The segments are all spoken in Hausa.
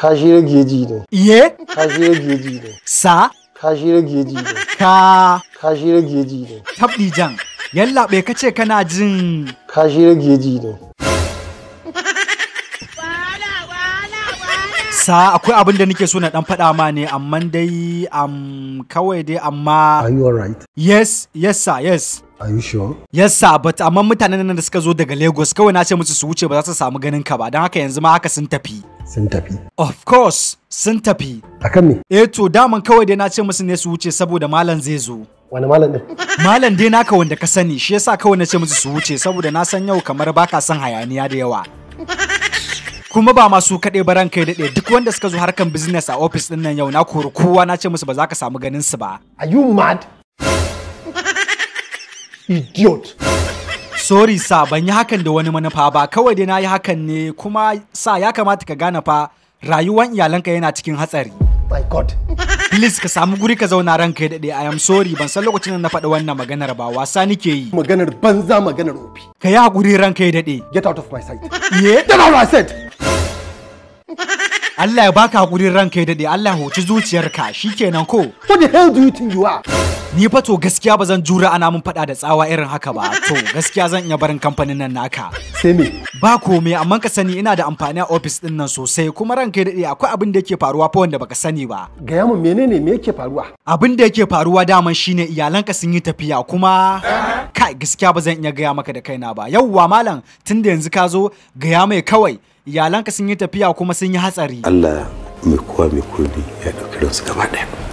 ka shira geji ne iye. ka shira geji ne sa ka shira geji ne ka ka shira geji ne tabdi jan yalla bai kace kana jin ka shira geji ne sa akwai abin da nake so na dan faɗa ma ne amma dai am kawai dai amma are you alright yes yes sir yes Are you sure? Yes sir, but amma mutanen nan da suka zo daga Lagos kawai na ce musu su wuce ba za su samu ganin ka ba, don haka yanzu ma haka sun tafi. Sun tafi. Of course, sun tafi. Akan me? Eh to daman kawai dai na ce musu ne su wuce saboda malam zai zo. wani malam din malam dai naka wanda ka sani shi yasa kawai na ce musu su wuce saboda na san yau kamar baka son hayaniya da yawa kuma ba masu kaɗai ba ranka ya daɗe duk wanda suka zo harkan business a office ɗin nan yau na kori kowa na ce musu ba za ka samu ganin su ba are you mad idiot sorry sa ban yi hakan da wani manufa ba kawai dai na yi hakan ne kuma sa ya kamata ka gane fa rayuwan iyalanka yana cikin hatsari my god please ka samu guri ka zauna ranka ya daɗe i am sorry ban san lokacin da na faɗi wannan maganar ba wasa nike yi maganar banza maganar obi. ka yi hakuri ranka ya daɗe. get out of my sight yeah get out of my sight Allah ya baka hakurin ranka ya daɗe Allah ya hoci zuciyarka shikenan ko what the hell do you think you are ni fa to gaskiya ba zan jura ana mun fada da tsawa irin haka ba to gaskiya zan iya barin kamfanin nan naka sai me ba komai amma ka sani ina da amfani a ofis din nan sosai kuma ranka dade akwai abin da yake faruwa fa wanda baka sani ba ga yamu menene me yake faruwa abin da yake faruwa daman shine iyalanka sun yi tafiya kuma kai gaskiya ba zan iya gaya maka da kaina ba yauwa malam tunda yanzu ka zo gaya mai kawai iyalanka sun yi tafiya kuma sun yi hatsari Allah mai kowa mai kudi ya ɗauki ransu gaba ɗaya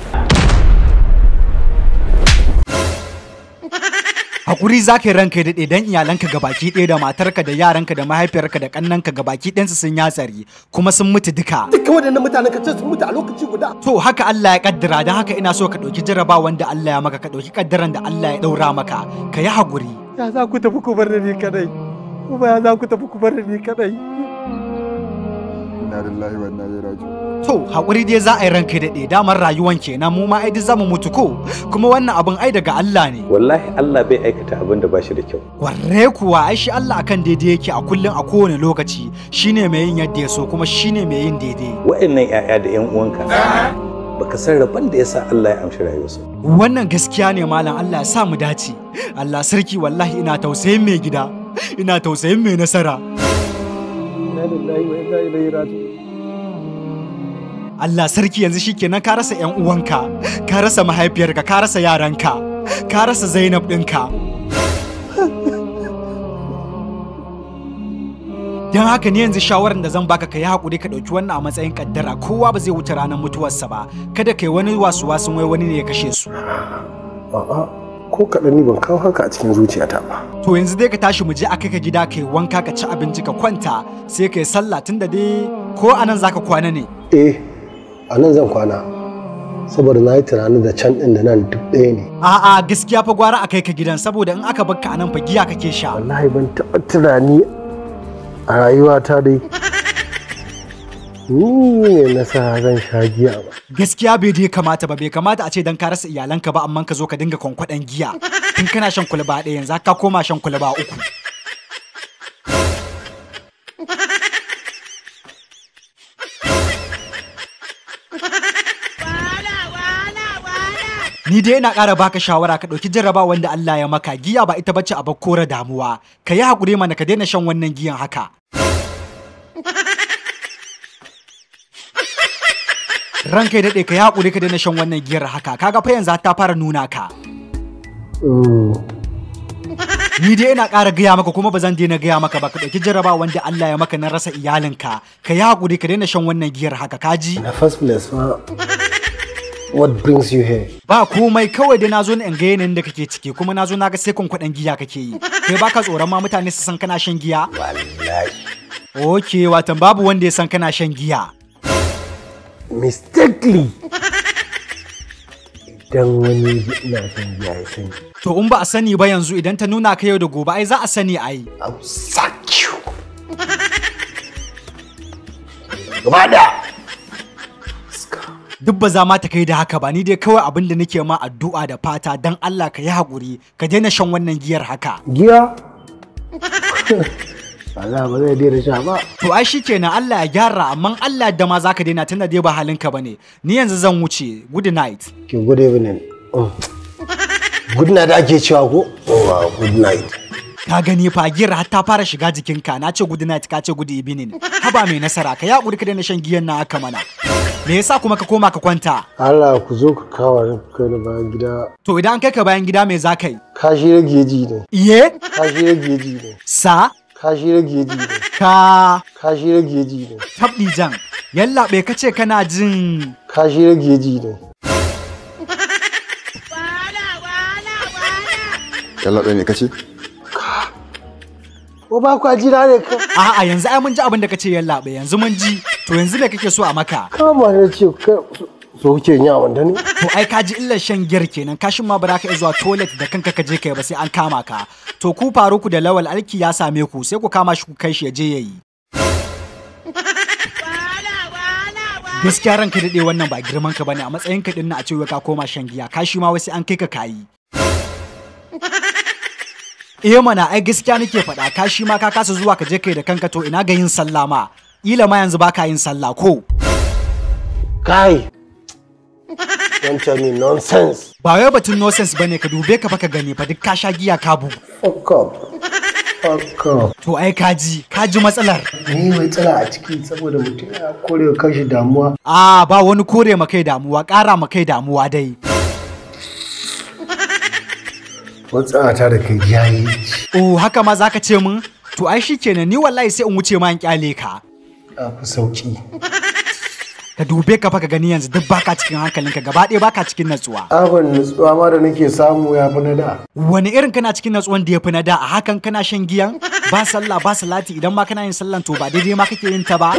hakuri za ka yi ranka daɗe don iyalanka gabaki ɗaya da matarka da yaranka da mahaifiyarka da ƙannanka gabaki ɗansu sun ya tsari kuma sun mutu duka duka waɗannan mutanen ka ce sun mutu a lokaci guda to haka Allah ya kaddara don haka ina so ka ɗauki jaraba wanda Allah ya maka ka ɗauki kaddaran da Allah ya ɗaura maka ka yi hakuri ya za ku tafi ku bar ni kadai kuma ya za ku tafi ku bar ni kadai inna lillahi wa inna ilaihi raji'un to hakuri dai za a yi ranka daɗe damar rayuwan kenan mu ma ai duk zamu mutu ko kuma wannan abin ai daga Allah ne wallahi Allah bai aikata abin da bashi da kyau warre kuwa ai shi Allah akan daidai yake a kullun a kowane lokaci shine mai yin yadda ya so kuma shine mai yin daidai wa'annan ƴaƴa da ƴan uwanka baka san rabon da yasa Allah ya amshi rayuwarsu. Wannan gaskiya ne malam Allah ya sa mu dace. Allah sarki wallahi ina tausayin mai gida, ina tausayin mai nasara, Allah sarki yanzu shikenan ka rasa ƴan uwanka ka rasa mahaifiyarka ka rasa yaranka ka rasa Zainab ɗinka don haka ne yanzu shawarar da zan baka ka yi hakuri ka ɗauki wannan a matsayin kaddara kowa ba zai wuce ranar mutuwarsa ba kada kai wani wasu wasun wai wani ne ya kashe su a'a ko kaɗan ni ban kawo haka a cikin zuciyata ba. To yanzu dai ka tashi mu je aka ka gida kai wanka ka ci abinci ka kwanta sai kai sallah tun da dai ko anan zaka kwana ne. Eh anan zan kwana. saboda na yi tunanin da can ɗin da nan duk ɗaya ne. A'a gaskiya fa gwara a kai ka gidan saboda in aka bakka anan nan fa giya kake sha. Wallahi ban taɓa tunani a rayuwata dai ni na zan sha giya ba. Gaskiya bai dai kamata ba bai kamata a ce dan ka rasa iyalanka ba amma ka zo ka dinga kwankwaɗan giya. Tun kana shan kulba ɗaya yanzu ka koma shan kulba uku. Ni dai ina ƙara baka shawara ka ɗauki jarraba wanda Allah ya maka giya ba ita bace a bakkora damuwa. Ka yi haƙuri mana ka daina shan wannan giyan haka. ranka ya daɗe ka ya haƙuri ka daina shan wannan giyar haka kaga fa yanzu ta fara nuna ka ni dai ina ƙara gaya maka kuma ba zan daina gaya maka ba ka ɗauki jaraba wanda Allah ya maka na rasa iyalinka ka ya haƙuri ka daina shan wannan giyar haka kaji na first place ma What brings you here? Ba komai kawai dai nazo in ga yanayin da kake ciki kuma nazo na ga sai kwankwaɗen giya kake yi. Kai baka tsoron ma mutane su san kana shan giya? Wallahi. Okay, watan babu wanda ya san kana shan giya. mistakenly idan wani ina son ya sani. To in ba a sani ba yanzu idan ta nuna ka yau da gobe ai za a sani ai. I'll suck you. Gaba da Duk ba za ma ta kai da haka ba ni dai kawai abin da nake ma addu'a da fata dan Allah ka yi hakuri, ka daina shan wannan giyar haka. Giya? Allah ba zai daina sha ba. To ai shi kenan Allah ya gyara amma Allah da ma ka daina tunda dai ba halinka bane. Ni yanzu zan wuce. Good night. Ki good evening. Oh. Good night ake cewa ko? Oh, good night. Ka gani fa gira ta fara shiga jikinka na ce good night ka ce good evening. Haba mai nasara ka ya ka daina shan giyan na haka mana. me yasa kuma ka koma ka kwanta Allah ku zo ku kawo kai na bayan gida to idan kai ka bayan gida me za ka yi shi rage ji ne iye shi rage ji ne sa kashi rage ji ne ka kashi rage ji ne tabdi jan yallaɓe ka ce kana jin kashi rage ji ne bai ne ka ce ko ba kwa jira ne ka a'a yanzu ai mun ji abin da ka ce yallaɓe yanzu mun ji to yanzu me kake so a maka Ka ba na ce ka so kuke yin a wanda ne to ai ka ji illar shan giyar kenan kashin ma ba za ka zuwa toilet da kanka ka je kai ba sai an kama ka to ku faru ku da lawal alki ya same ku sai ku kama shi ku kai shi ya je yayi gaskiya ranka daɗe wannan ba girman ka bane a matsayin ka dinna a cewa ka koma shan giya kashi ma wasu an kai ka kayi eh mana ai gaskiya nake faɗa kashi ma ka kasa zuwa ka je kai da kanka to ina ga yin sallah ma ila ma yanzu baka yin sallah ko kai Don't tell me nonsense. Ba wai batun nonsense bane ka dube ka baka gane fa duk ka sha giya ka bugu. Fuck up. To ai kaji, kaji matsalar. mai matsala a ciki saboda mutum ya kore kashi damuwa. Ah ba wani kore ma kai damuwa, ƙara ma kai damuwa dai. Matsala ta da kai yayi. Oh haka ma zaka ce min? To ai shikenan ni wallahi sai in wuce ma in kyale ka. Ah, ku sauki. ka dube ka fa ka gani yanzu duk baka cikin hankalin ka, gaba ɗaya baka cikin natsuwa abin natsuwa ma da nake samu ya fi na da wani irin kana cikin natsuwan da ya fi na da a hakan kana shan giyan ba sallah ba salati idan ma kana yin sallan to ba daidai ma kake yin ta ba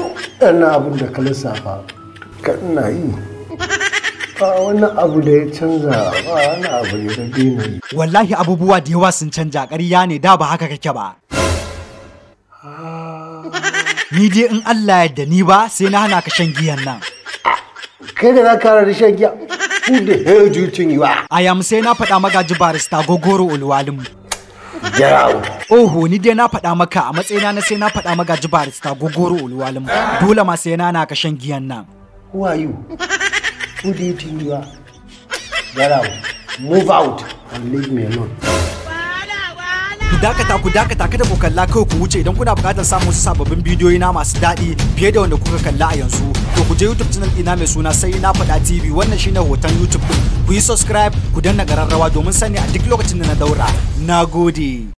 Ɗan abin da ka lissafa ka ina yi ba wani abu da ya canza ba wani abu da ya daina yi wallahi abubuwa da yawa sun canja ƙarya ne da ba haka kake ba Ah. ni dai in Allah yadda ni ba sai na hana ka shan giyan nan. Kai da za ka hana shan giya? Who the hell do you think you are? A yam sai na faɗa magaji barista gogoro ulwalim. Get Oho ni dai na faɗa maka a matsayina na sai na faɗa magaji barista gogoro ulwalim. Dole ma sai na hana ka shan giyan nan. Who are you? Who do you think you are? Move out and leave me alone. dakata ku dakata kada ku kalla kawai ku wuce idan kuna buƙatar samun wasu sababbin bidiyoyi na masu daɗi fiye da wanda kuka kalla a yanzu to ku je YouTube channel ɗina mai suna sai na faɗa TV wannan shine hoton YouTube ɗin ku yi subscribe ku danna ƙararrawa domin sani a duk lokacin da na daura gode.